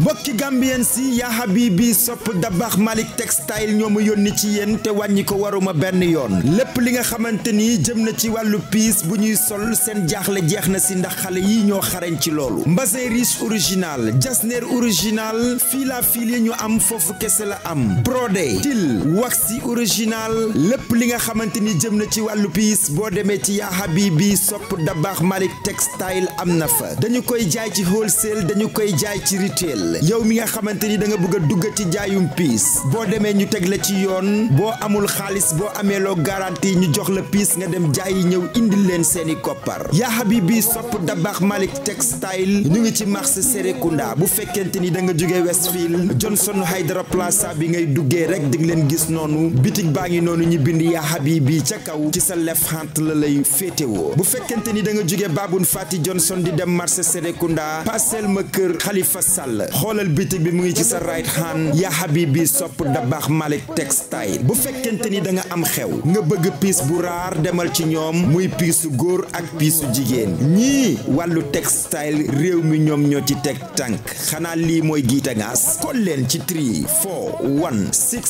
mbokki gambien si yaa habibi sopp dabax Malick textile ñoo ma yónni ci yéen te wàññi ko waruma benn yoon lépp li nga xamante ni jëm na ci wàllu piis bu ñuy sol seen jaaxle jeex na si ndax xale yi ñoo xarañ ci loolu mbasin riche original jasner original fila ñu am foofu kese la am brodé til waxi original lépp li nga xamante ni jëm na ci wàllu piis boo demee ci yaa habibi sopp dabax Malick textile am na fa dañu koy jaay ci wholesale dañu koy jaay ci retail yow mi nga xamante ni da nga bëgg a dugg ci jaayum piis boo demee ñu teg la ci yoon boo amul xaalis boo ameeloo garantie ñu jox la piis nga dem yi ñëw indil leen seeni koppar yaa habibi sopp Dabakh Malick Textile ñu ngi ci marché Serekunda bu fekkente ni da nga jógee Westfield Johnson Hydra Plaza bi ngay duggee rek di nga leen gis noonu bitig baa ngi noonu ñu bind yaa habibi ca kaw ci sa lef hand la lay féetewoo bu fekkente ni da nga jógee Babun Fati Johnson di dem marché Serekunda pasel ma kër Khalifa Sall xoolal bitig bi mu ngi ci sa right hand yaa habibi sopp da baax Malick textile bu fekkente ni da nga am xew nga bëgg piis bu raar demal ci ñoom muy piisu góor ak piisu jigéen ñii wàllu textile réew mi ñoom ñoo ci teg tànk xanaa lii mooy giitangaas kol leen ci 3 4 1 6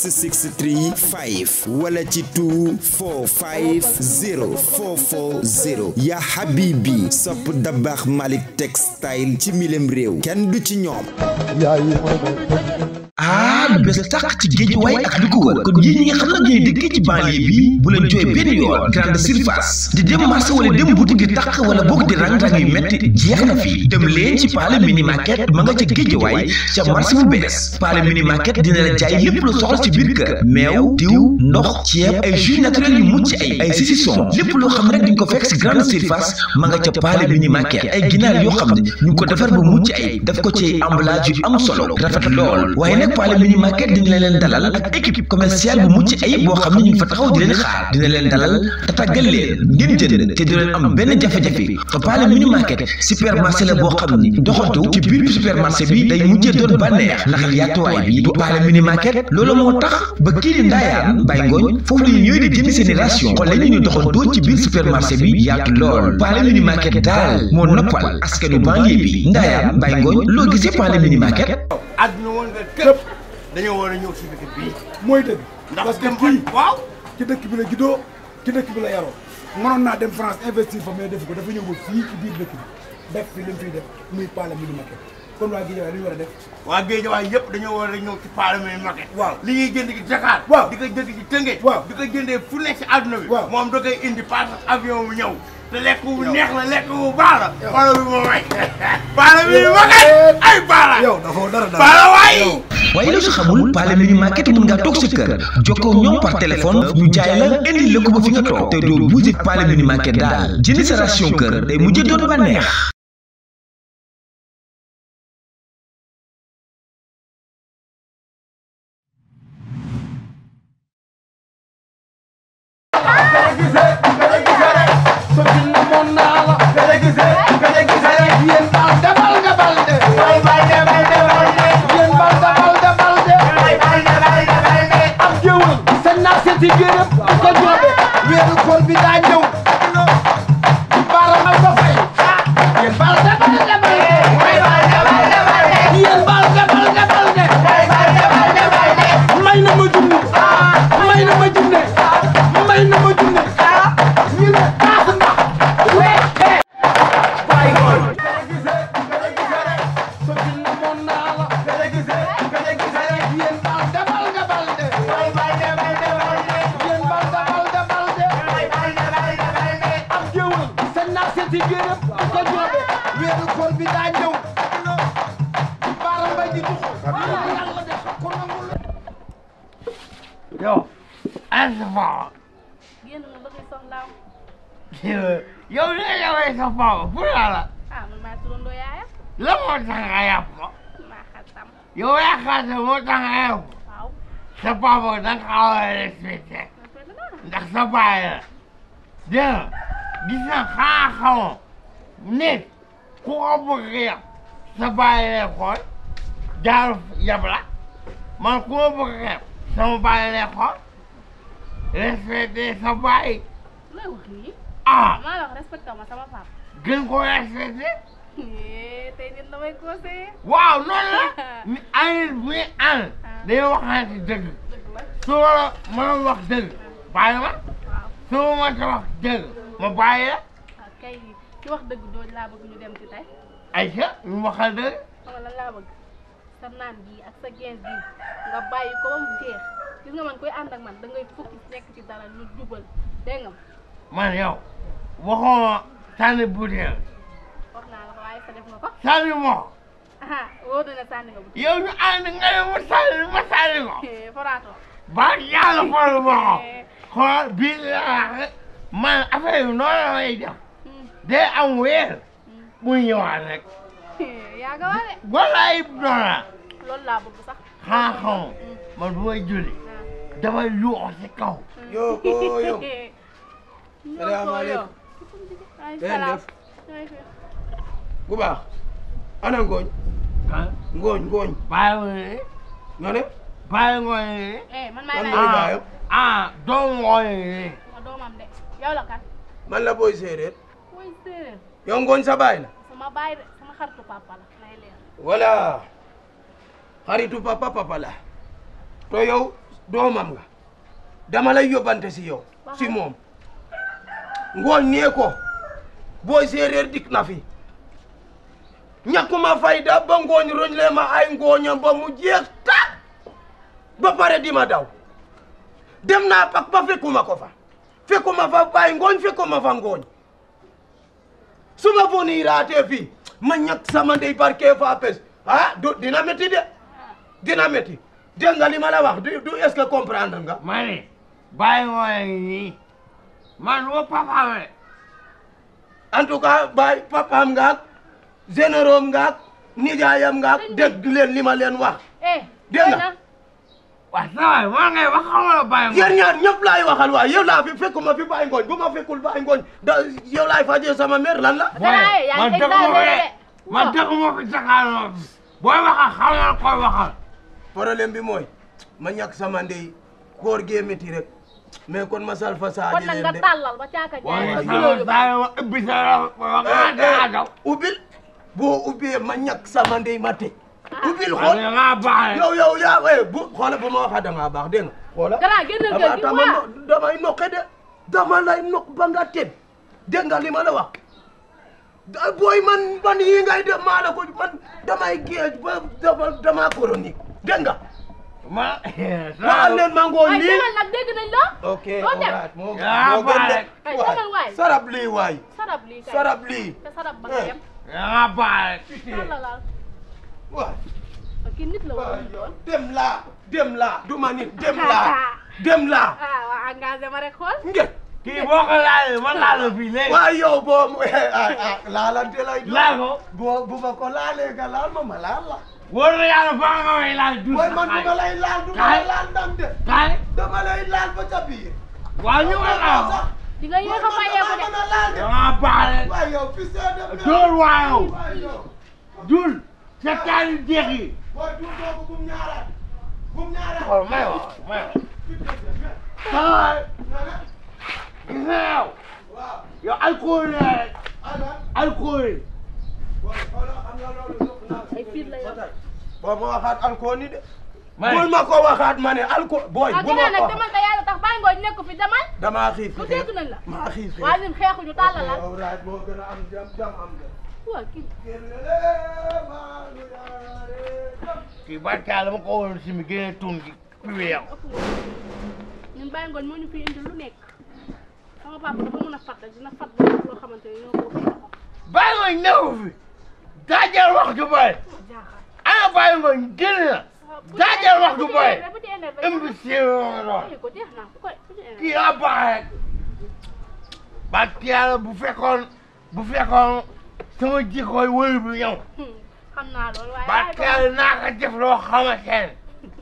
6 3 5 wala ci 2 4 5 0 4 4 0 yaa sopp da baax Malick textile ci milem réew kenn du ci ñoom yaay ma am lu bees tàq ci géej waaye ak li ko wër kon yéen ñi nga xam nag ñooy dëkkee ci bi bu leen jooy benn yoon grande surface di dem marché wala dem boutique di tàq wala boog di rang-rang yu métti jeex na fii dem leen ci paale mini ma nga ca géej waaye ca marché bu bees paale mini market dina la jaay lépp lu soxla ci biir kër meew diw ndox ceeb ay jus naturel yu mucc ay ay saucisson lépp loo xam rek di ko fekk si grande surface ma nga ca paale mini market ay ginaar yoo xam ne ñu ko defar ba mucc ay daf ko ci emballage yu market dina leen dalal ak équipe commerciale bu mucc ayib boo xam ne ñu ngi fa taxaw di leen xaar dina leen dalal te tàggal leen ngeen jënd te du am benn jafe-jafe Fapal mini market supermarché la boo ni doxantu ci biir supermarché bi day mujjee doon bànneex ndax yaatuwaay bi du Fapal mini market loolu moo tax ba kii di ndaayaan bay foofu la ñuy di jënd seen i ration xool la ci biir supermarché bi yaatu lool Fapal mini daal moo noppal askanu banlieue bi loo gisee Fapal mini dañoo war a ñëw si dëkk bii. mooy dëgg. parce que kii waaw ci dëkk bi la juddoo ci dëkk bi la yaroo mënoon naa dem France investir fa mais def ko dafa ñëw fii ci biir dëkk bi def fi li mu fiy def muy paala mi lu ma kon waa Géejawaay li war a def. waa Géejawaay yëpp dañoo war a ñëw ci paala mi maquet. waaw li ñuy jënd ci Dakar. waaw di ko jënd ci Tëngéej. jëndee fu nekk ci àdduna bi. waa moom da koy indi par avion mu ñëw. te lekk bu dara dara baala waay. waaye loo si xamul Paale Menu Market mun ngaa toog sa kër jokkoo ñoom par téléphone ñu jaay la indi la ko ba fi nga toog te doo buusi Paale Menu Market daal jënd sa ration kër day mujjee doon ba neex. sa baay la dégg nga gis nga ku ko bëgg yab sa baay lay xool man ku ma bëgg yab sa baay. ah maa la wax respecté gën ko respecté. Eh, waaw noonu la. ni ay nit bu ñuy ànd. Ah. dañoo waxante dëgg. dëgg su ma la wax dëgg. bàyyi ma su ma mënta wax dëgg ma bàyyi la. Ah, kay wax dëgg dooñu laa ñu dem ci tey. Aïcha ñu waxal dëgg. sa naan bii ak sa gens bii nga bàyyi ko mu jeex nga man koy ànd ak man da ngay nekk ci dara lu jubal dégg nga. man yow waxoo sànni butéel. la sànni moo. ah ñu ànd nga ne ma sànni ma sànni ko. Eh, faraato. yàlla faral ma ko. Eh, xool bii laa man affaire yi noonu la may def day am weer muy ñëwaat rek. yaa ngi wax de. walaay noona. loolu laa bëgg sax. xanaa xam man bu may julli. Hmm. dama yuuxu si kaw. yoo koo yoo. salaamaaleykum. salaam. bu baax. ana ngooñ. ah ngooñ ngooñ. bàyyi ngooñ. nga ne. bàyyi ngooñ. Eh, man maa ngi ah doomu la kan man la booy séeréer yow ngooñ sa baay la sama baay de sama xaritu papa papa la to yow doomam nga dama lay yóbbante si yow si moom ngooñ nee ko booy séeréer dik na fi ñàkkuma fayda ba ngooñ roñ ma ay ngooñam ba mu jeex ta ba pare di ma daw dem naa pak ba ma ko fa fekkuma fa baay ngooñ fekkuma fa ngooñ su ma boniraatee fii ma ñàkk sama ndey barke fa pes ah du dina métti de dina métti dégg nga li ma la wax du est-ce que comprendre nga. ma ne ngooñ nii man woo papaam rek. en tout cas baay papaam ngaak général ngaak nijaayam ngaak dégg leen li ma leen wax. Eh, dégg waaw saa waay ngay wax xaw ma bàyyi ngooñ. yéen ñaar ñëpp laay waxal waay yow laa fi fekkuma fi bàyyi ngooñ bu ma fekkul bàyyi ngooñ da yow laay fajee sama mère lan la. man dëkk moo fi man dëkk moo fi saxaar booy waxal xaw ma koy waxal. problème bi mooy ma ñàkk sama ndey koor gee métti rek mais kon ma sal fa saa. kon nag nga tàllal ba caaka jaay. Eh, eh, ubbil boo ubbee ma ñàkk sama ndey ma tey. ubbil xool da ngaa baax yow yow yaa eh, bu xoola bu ma waxee da ngaa baax dégg nga xoola dara génnal de dama lay noq ba nga tëb dégg nga li ma la wax booy man man yi ngay def ko man damay géej ba dama damaa chronique dégg nga ma ma leen ma ngoo nii ok alright lii waay sarab lii sarab lii sarab ba waaw. kii nit la wala yoon dem laa dem laa du ma nit dem laa dem laa. ah waaw engagé ma rek xool. nge kii boo ko laalee ma laal la fii léegi. waaw yow boo mu eh, ah, ah, laalante lay. laal ko boo bu ma ko laalee nga laal ma ma laal la. wóor na yàlla foo nga may laal du ma man du ma lay laal du ma lay laal ndam de. kaay dama lay laal ba ca biir. waaw ñu nga laal ko. di nga yéex a mayeeku de. waaw baale. waaw yow fii see de. jul waaw jul. sa taal yu jeex yi. booy tuur doogu bum ñaaraat bum ñaaraat. waaw may wax may wax. sama gis na yow. yow alcool la rek. alcool. boo ma waxaat alcool ni de. may bul ma ko waxaat ma ne alcool. booy ah, bu ma ko waxaat demal te yàlla tax bàyyi ngooñ nekk fi demal. damaa xiif bu dégg nañ la. maa xiif waaye ñun xeexuñu tàllal la. waaw raaj moo gën a am jam jam am de. kii ba dama ko waroon simi génne tuun gi piweew ñun bàyyi ngoon moo ñu fi indi lu nekk sama papa dafa mën a fat rek dina fat rek loo xamante ne ñoo ko bàyyi ngoon newu fi daajal wax ju bari ana bàyyi ngoon génn na daajal wax ju bari imbécile kii a baax rek barkaal bu fekkoon bu fekkoon sama jikkoy wóyu bi yow ba teel naa ko def loo xamante ne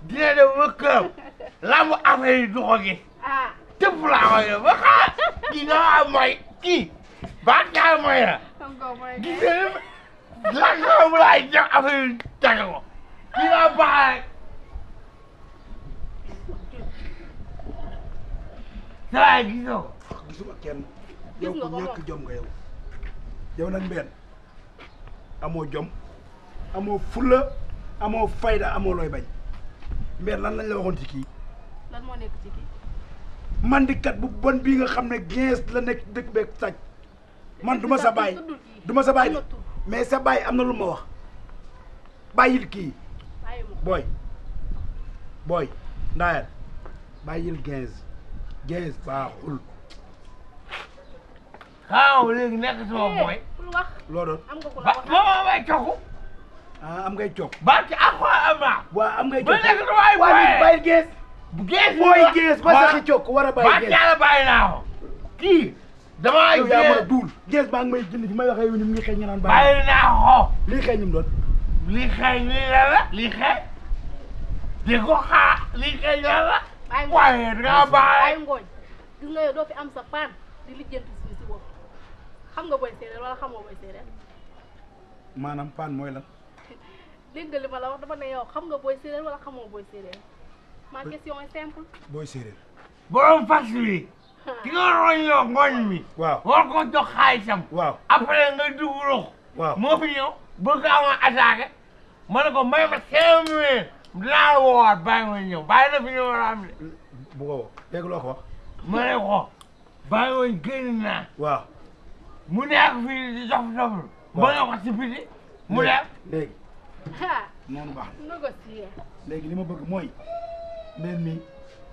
dina dem ba këram lamb affaire yi du ko gis tëpp laa koy def ba xaar naa mooy kii ba teel mooy la gis nga la xam laay def affaire yi tege ko kii naa baax saa yi gis nga ko gisuma jom nga yow yow nag benn amoo jom amoo fulla amoo fayda amoo looy bañ mais lan lañ la waxoon ci kii. lan moo nekk ci kii. bu bon bii nga xam ne gens la nekk dëkk beeg sàcc man duma sa baay du ma sa baay mais sa baay am na lu ma wax bàyyil kii. booy booy ndaayal bàyyil gens gens baaxul. xaaral ma léegi nekk sama eh, booy. loo doon ba ma ma may cokku. ah am ngay cokk. ba ci ak waa am naa. waaw am ngay cokk ba nekk sama ay booy. waaw bàyyi gees. gees bi booy gees ba sax cokk war a bàyyi gees. ba yàlla bàyyi naa ko. kii dama ay gees yaa ma duul. gees baa ngi may jënd fi may waxee yow ni mu ngi xeeñ ñu naan bàyyi. bàyyi naa ko. lii xeeñ ñu doon. lii xeeñ lii la la. lii xeeñ. di ko xaa lii xeeñ la la. waaye da ngaa bàyyi. waaye ngooñ gis nga yow doo fi am sa paan di lijjanti xam nga booy séeréer wala xamoo booy séeréer. maanaam paan mooy lan. dégg nga li ma la wax dama ne yow xam nga booy séeréer wala xamoo booy séeréer ma question est simple. booy séeréer. borom fas wi. ki nga roñ loo ngooñ mi. waaw war ko jox xaalisam. waaw après nga dugg rox. waaw moo fi ñëw bëgg amoon attaqué ma ne ko may ma cinq mille dinaa la woowaat bàyyi ma ñëw bàyyi na fi ñëw war a am de. bu ko woo dégg loo ko wax. ma ne ko bàyyi woon génn naa. waaw. mu neex fii di jox dof ba nga wax si biti mu neex léegi noonu baax na léegi li ma bëgg mooy meen mi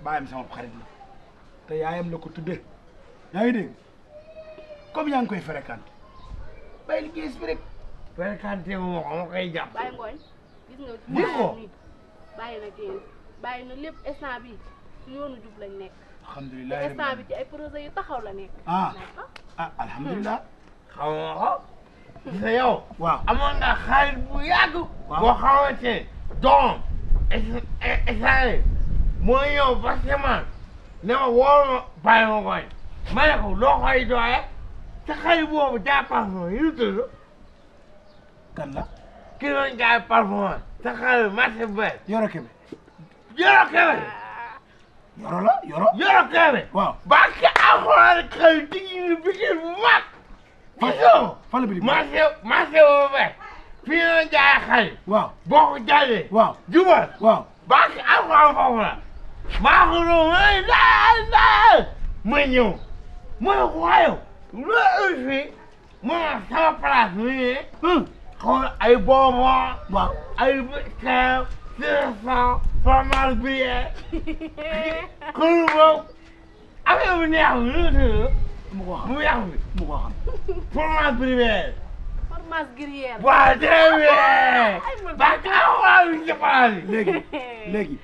bàyyam sama xarit la te yaayam la ko tudde yaa ngi dégg comme yaa ngi koy fréquenté bàyyi liggéey si rek fréquenté moo ko ma koy jàpp bàyyi ngooñ gis nga na génn bi su yoonu alhamdulilah instant bi ci ay projet amoon nga xaalis bu yàgg. waaw boo xamante doom. essai moo ñëw ba semence. ne ma woo ma bàyyi ma koy. ma ne ko loo koy doye. te xaalis boobu jaay parfum yi ñu tudd. kan la. ki jaay parfum. te xaalis marché bu bëri. yoro kebe. yoro kebe. yoro la yoro. yoro keebe. waaw ba ke alxuraan kay digg bi ci mag. gisoo. fan la bi di marché marché boobu ba fii la jaay xay. waaw boo ko jaayee. waaw jubal. waaw ba ke alxuraan foofu la. maa ko doon may daal daal. ma ñëw ma ne ko waayow. loo fi mu ne sama place mi ngi. Hmm. xool ay bonbon. waaw ay keeb. formal bi kër boobu affaire bi neex bi lu mu ko xam mu yàq bi mu ko xam fromage gruyère. fromage waa déedéet. parce que waaw léegi léegi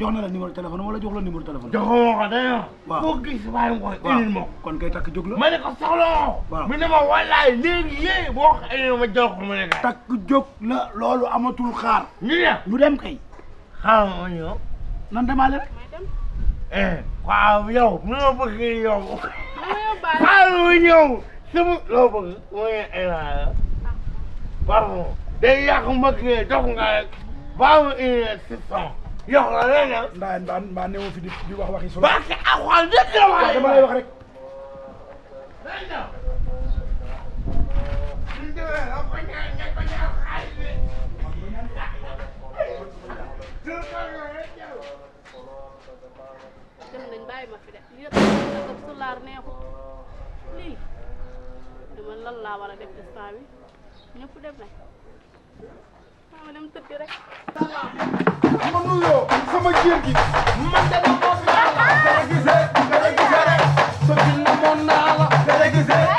jox na la numéro téléphone wala jox la numéro téléphone. joxoo ma ko dañoo. waaw gis waaye mu ko kon kay takk jóg la. ma ne ko soxla mu ne ma walaay léegi léegi boo ko indil ma ko ma ne ko. takk jóg la loolu amatul xaar. ñu dem ñu dem kay. xamuñu. nan demaale rek. waaw yow nu ma bëgg yow. xaaral ñëw sumu loo bëgg mu ngi énaare. pardon day yàq mbëgg nga jox nga rek baamu une session. yow la leneen. mbaa mbaa mbaa ne fi di di wax waxi solo. parce que awoor dëgg la waaye. dama lay wax rek. dégg nga. dem nañ bàyyi ma fi de lii ak sulaar neexut lii dama lan laa war a def instant bi ñëpp def nañ maa ma dem tëddi rek ma nuyoo sama jër gi man de dama fi yàlla gërë gisee gërë gisee rek so ci namoon naa la gërë gisee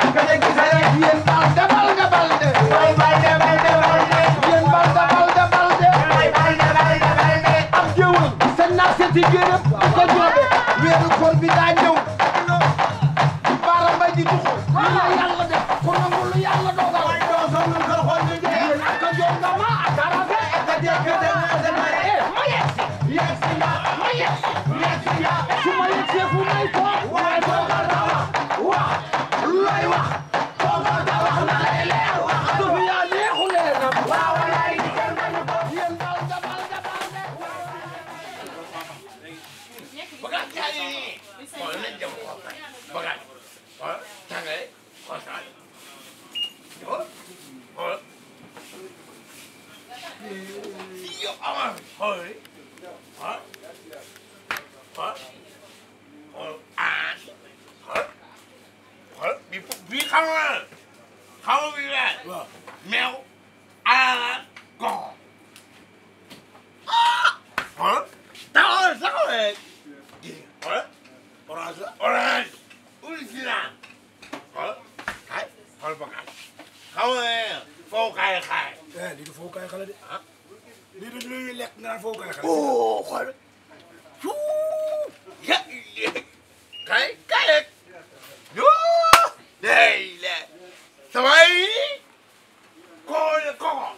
eh lii du foofu kaay xale de. ah lii du lu ñuy lekk nga naan foofu kaay xale. oh xool suuf ya kaay kaay rek yoo day la sawaay koo koko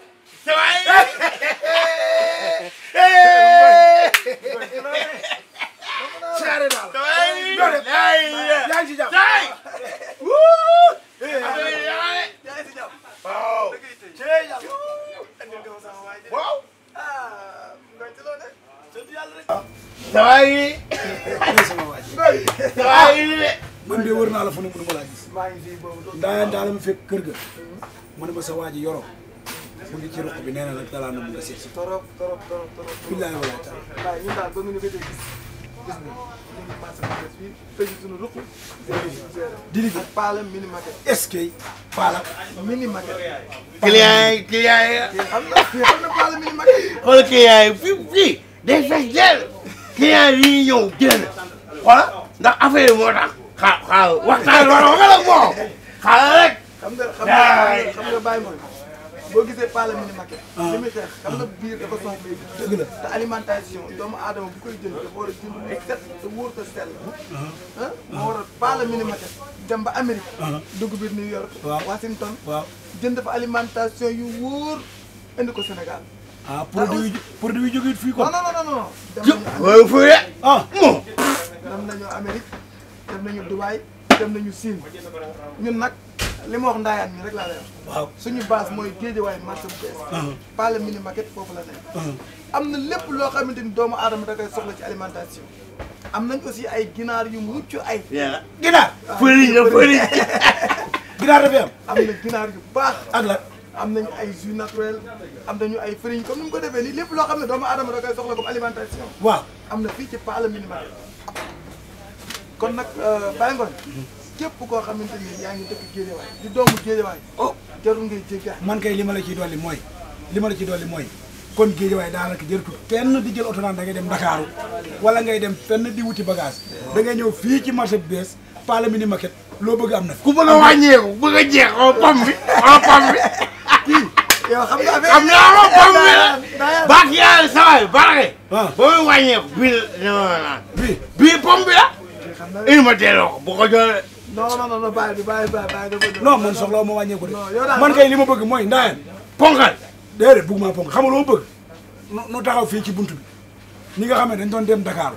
sawaay. saare daal sawaay yaa ngi ci jàpp. sawaay. man de wër naa la fu ne mënuma laa gis. daa fekk kër ga. ma ne sa waa ji yoroo. ci ruq bi nee na nag dalaa na mun a seet torop torop torop torop. billaay walaay taal. waaw ñun daal ba mu ce que client yi ñuy ñëw génn xoola ndax affaire moo tax xaa xaa waxtaan loolu nga rek. xam nga xam bàyyi mooy boo gisee paala mi ni ah. xam nga biir dafa soxla dëgg la te alimentation doomu aadama bu koy jën dafa war a jënd bu set te sell ah. Ah. moo war a paala mi ni makke dem ba Amérique dugg biir New York Washington jënd fa alimentation yu wóor indi Sénégal ah produit yi produit yi jógee fii quoi. non non non non. dem nañu Amérique ah moom. dem nañu Amérique dem nañu Dubaï dem nañu Siin ñun nag li ma wax ndaayaan mi rek laa lay wax. waaw suñu base mooy géejewaay marché bu bees. Ah. pas le mini market foofu la nekk. Ah. am na lépp loo xamante ni doomu aadama da koy soxla ci alimentation. am nañ aussi ay ginaar yu mucc ay. yàlla ginaar. fëriñ la fëriñ. ginaar dafay am. am na ginaar yu baax ak la. am nañu ay jus naturel am nañu ay farine comme ni mu ko defee nii lépp loo xam ne doomu aadama da koy soxla comme alimentation. waaw am na fii ci Paala Minimarket kon nag euh, Baye Ngoné képp koo xamante ni yaa ngi dëkk Géejawaay di doomu Géejawaay oh jarul ngay jéggaat. man kay li ma la ciy dolli mooy li ma la ciy dolli mooy. kon géejawaay daanaka jërëtul kenn di jël oto naan da ngay dem Dakar wala ngay dem fenn di wuti bagage da ngay ñëw fii ci marché bu bees Paala Minimarket loo bëgg am na. ku bëgg a wàññeeku bëgg a jeex bi pam bi. yow xam nga affaire yi xam naa la pompe bi la. sawaay barake. waaw ba muy wàññeeku bii la naan. bii bii pompe bi la. il ma delloo ko bu ko joxee. non non non bàyyi bàyyi bàyyi non man ma wàññeeku de. man kay li ma bëgg mooy ndaayam. ponkal. déedéet bëgg maa loo xamuloo bëgg. nu taxaw fii ci bunt bi ñi nga xam ne dañ doon dem Dakar.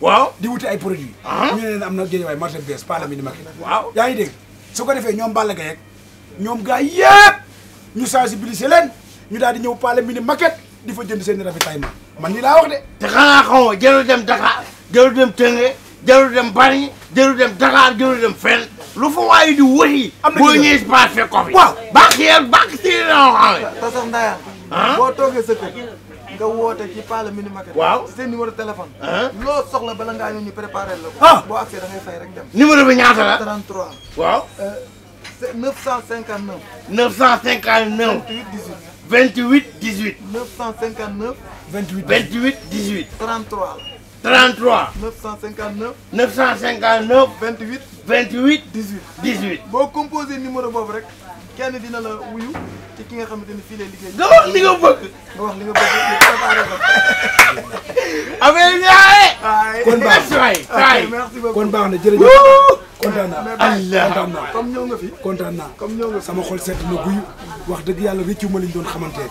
waaw di wuti ay produits. Ah. ñu am na géejawaay marché bees Pala mi di Macky. waaw yaa ngi dégg su ko defee ñoom Balla Gaye ñoom gars yëpp ñu sensibiliser leen ñu daal di ñëw paale mini maquette di fa jënd seen i ravitaillement man nii laa wax de. te xanaa xamoo jarul dem Dakar jarul dem Tënge jarul dem Bari jarul dem Dakar jarul dem fenn lu fa waaye di wëri. am na boo ñëwee si fekk ko baax yéen baax si yéen a waxee. boo toogee sa kër nga woote ci paale mini maquette. waaw ci seen numéro ah? la ko. Ah. boo accès bi ñaata la waaw. Euh, 959. 959. 28 18. 959. 28 28 18. 33. 33. 959. 959. 28. 28. 18. 18. boo composé numéro boobu rek kenn dina la wuyu ci ki nga xamante ni fii lay liggéey. nga wax li nga bëgg. nga wax li nga bëgg li préparé ko. amee ñaare. kon baax na kon baax na jërëjëf. kontaan naa allah kontaan naa comme ñëw fi kontaan naa comme ñëw nga sama xol set na guyu wax dëgg yàlla réccu ma liñ doon xamante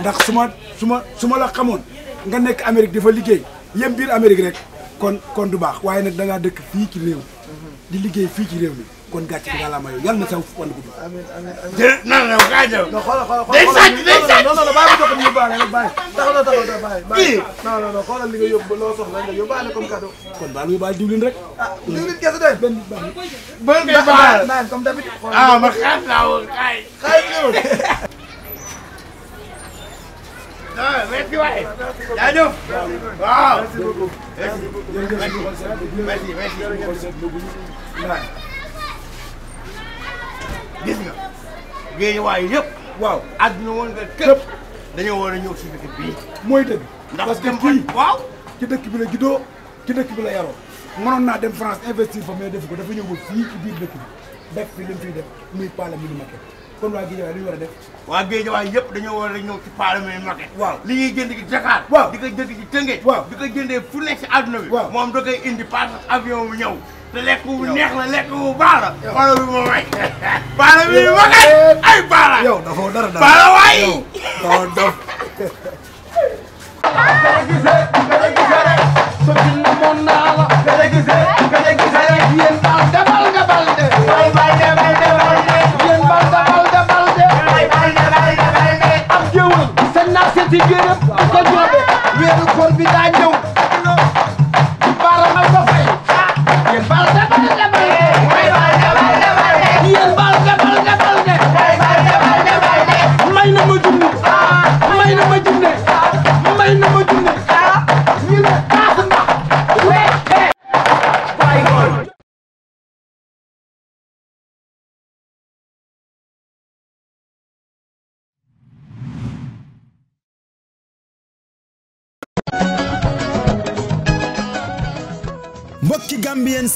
ndax su ma su ma su ma la xamoon nga nekk Amérique dafa liggéey yem biir Amérique rek kon kon du baax waaye nag da ngaa dëkk fii ci réew mhm. di liggéey fii ci réew mi kon gàcce gi ngalaama yow yal na sa fan gudd. amiin amiin amiin jërëjëf nan la kaa ñëw. non xoolal xoolal day sàcc day sàcc non non non bàyyi ma jox ko ñu baale rek bàyyi taxawal taxawal bàyyi bàyyi non non non xoolal li nga yóbbu loo soxla nga yóbbaale comme cadeau. kon baal ma yóbbaale diwlin rek. ah diwlin kese doy. benn baax na bëri baal naan ah, comme d'habitude. ah ma xaar naa woon kaay. kaay ñëw. ah merci waay. jaajëf. waaw. merci beaucoup. merci merci merci. gis nga géejawaay yëpp. waaw àdduna woon nga képp. dañoo war a ñëw si dëkk bii. mooy dëgg. ndax dem fii waaw. ci dëkk bi la juddoo ci dëkk bi la yaroo mënoon naa dem France investir fa mais def ko dafa ñëw fii ci biir dëkk bi def fi li mu fiy def muy paala mini maquette kon waa géejawaay li war a def. waa géejawaay yëpp dañoo war a ñëw ci paala mini maquette. waaw li ñuy jënd ci Dakar. waaw di ko jënd ci Tëngéej. waaw di ko jëndee fu nekk si àdduna bi. waaw moom da koy indi paas avion bi ñëw. te lekk bu neex la lekk bu baax la. baara bi ma may. baara bi ma kay ay baara. yow dafoo dara dara baara waay. yow doo Weeru koor bi daa ñëw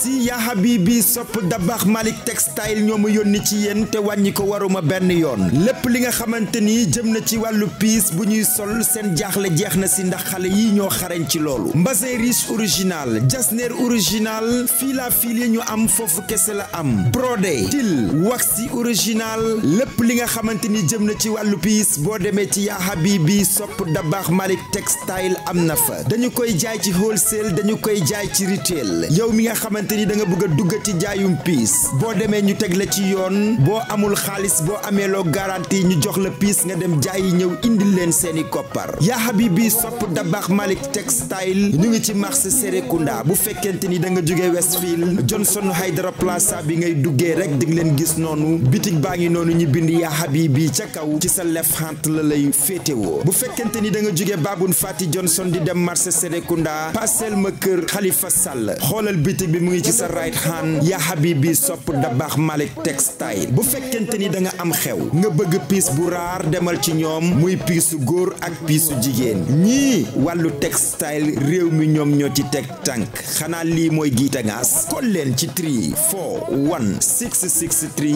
si yaa habibi sopp dabax Malick textile ñoo ma yónni ci yéen te wàññi ko waruma benn yoon lépp li nga xamante ni jëm na ci wàllu piis bu ñuy sol seen jaaxle jeex na si ndax xale yi ñoo xarañ ci loolu mbasin riche original jasner original fil à fil yi ñu am foofu kese la am prode brodé til waxi original lépp li nga xamante ni jëm na ci wàll piis boo demee ci yaa habibi sopp dabax Malick textile am na fa dañu koy jaay ci wholesale dañu koy jaay ci retail yow mi nga xamante fekkente ni da nga bëgg a duggati jaayum piis boo demee ñu teg la ci yoon boo amul xaalis boo amee loo garantie ñu jox la piis nga dem jaay yi ñëw indil leen seeni koppar yaa habibi sopp Dabakh Malik Textile ñu ngi ci marché Serekunda bu fekkente ni da nga jógee Westfield Johnson Haidara Plaza bi ngay duggee rek di leen gis noonu bitig baa ngi noonu ñu bind yaa habibi ca kaw ci sa lef hand la lay féetewoo bu fekkente ni da nga jógee Babun Fati Johnson di dem marché Serekunda pasel ma kër Khalifa bi ci sa right hand yaa habibi sopp da baax Malick textile bu fekkente ni danga am xew nga bëgg piis bu raar demal ci ñoom muy piisu góor ak piisu jigéen ñii wàllu textile réew mi ñoom ñoo ci teg tànk xanaa lii mooy giita ngaas kol leen ci 3 4 1 6 6 3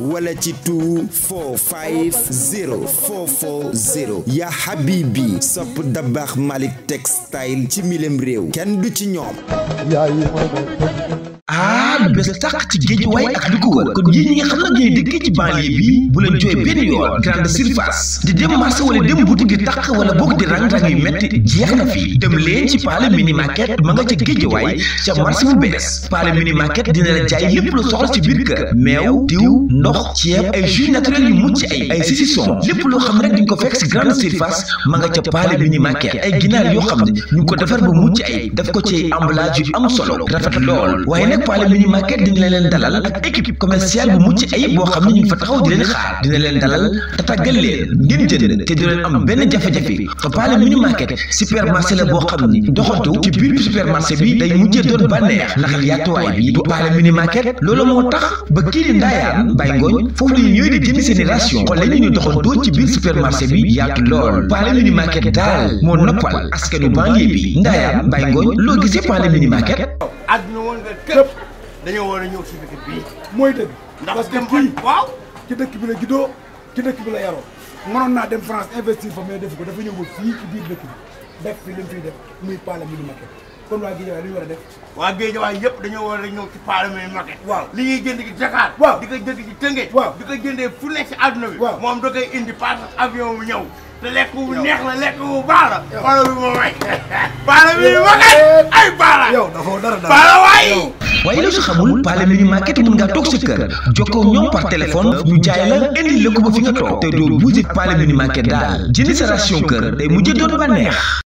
5 wala ci 2 4 5 0 4 4 0 yaa habibi sopp da baax textile ci milem réew kenn du ci ñoom Thank you. ah lu bees tàq ci géej waaye ak li ko wër kon yéen ñi nga xam nag ñooy dëkk ci bu leen jooy di dem marché wala dem boutique di tàq wala boog di rang-rang yu metti jeex na fi dem leen ci paale mini market ma nga ca géej waaye ca marché bu bees paale mini dina la jaay lépp lu soxla ci biir kër meew diw ndox ceeb ay jus naturel yu mucc ay ay lépp loo xam rek di nga ko fekk si grande surface ma nga ca paale mini ay ginaar yoo xam ne ñu ko defar ba mucc ay daf ko ci emballage yu am solo rafet nag Paale dina leen dalal ak équipe commerciale bu mucc ayib boo xam ne ñu fa taxaw dina leen dalal te leen ngeen jënd te du leen am benn jafe-jafe fa Paale Mini supermarché la boo xam ni doxantu ci biir supermarché bi day mujjee doon bànneex ndax yaatuwaay bi du Paale Mini Market loolu moo tax ba kii di ndaayaan bay ngooñ foofu lañu ñëw di jënd seeni ration xool lañu ñu doxantoo ci biir supermarché bi yaatu lool Paale Mini daal loo àdduna woon nga képp dañoo war a ñëw si dëkk bii. mooy dëgg. ndax que kii waaw ci dëkk bi la juddoo ci dëkk bi la yaroo mënoon naa dem France investir fa mais def ko dafa ñëwul fii ci biir dëkk bi def fi li mu fiy def muy paala mi du maquet kon waa Guédiawaye li ñu war a def. waa Guédiawaye yëpp dañoo war a ñëw ci paala mi du maquet. waaw li ñuy jënd ci Dakar. waaw di ko jënd ci Tëngéej. waaw di ko jëndee fu nekk si àdduna bi. waa moom da koy indi par avion mu ñëw. te lekk dara dara baala waay. waaye loo si xamul Paale Mini Market mën toog sa kër jokkoo ñoom par téléphone ñu jaay la indi la ko ba fi nga toog te doo bouger Paale Mini daal jënd sa ration kër day mujjee doon ba neex.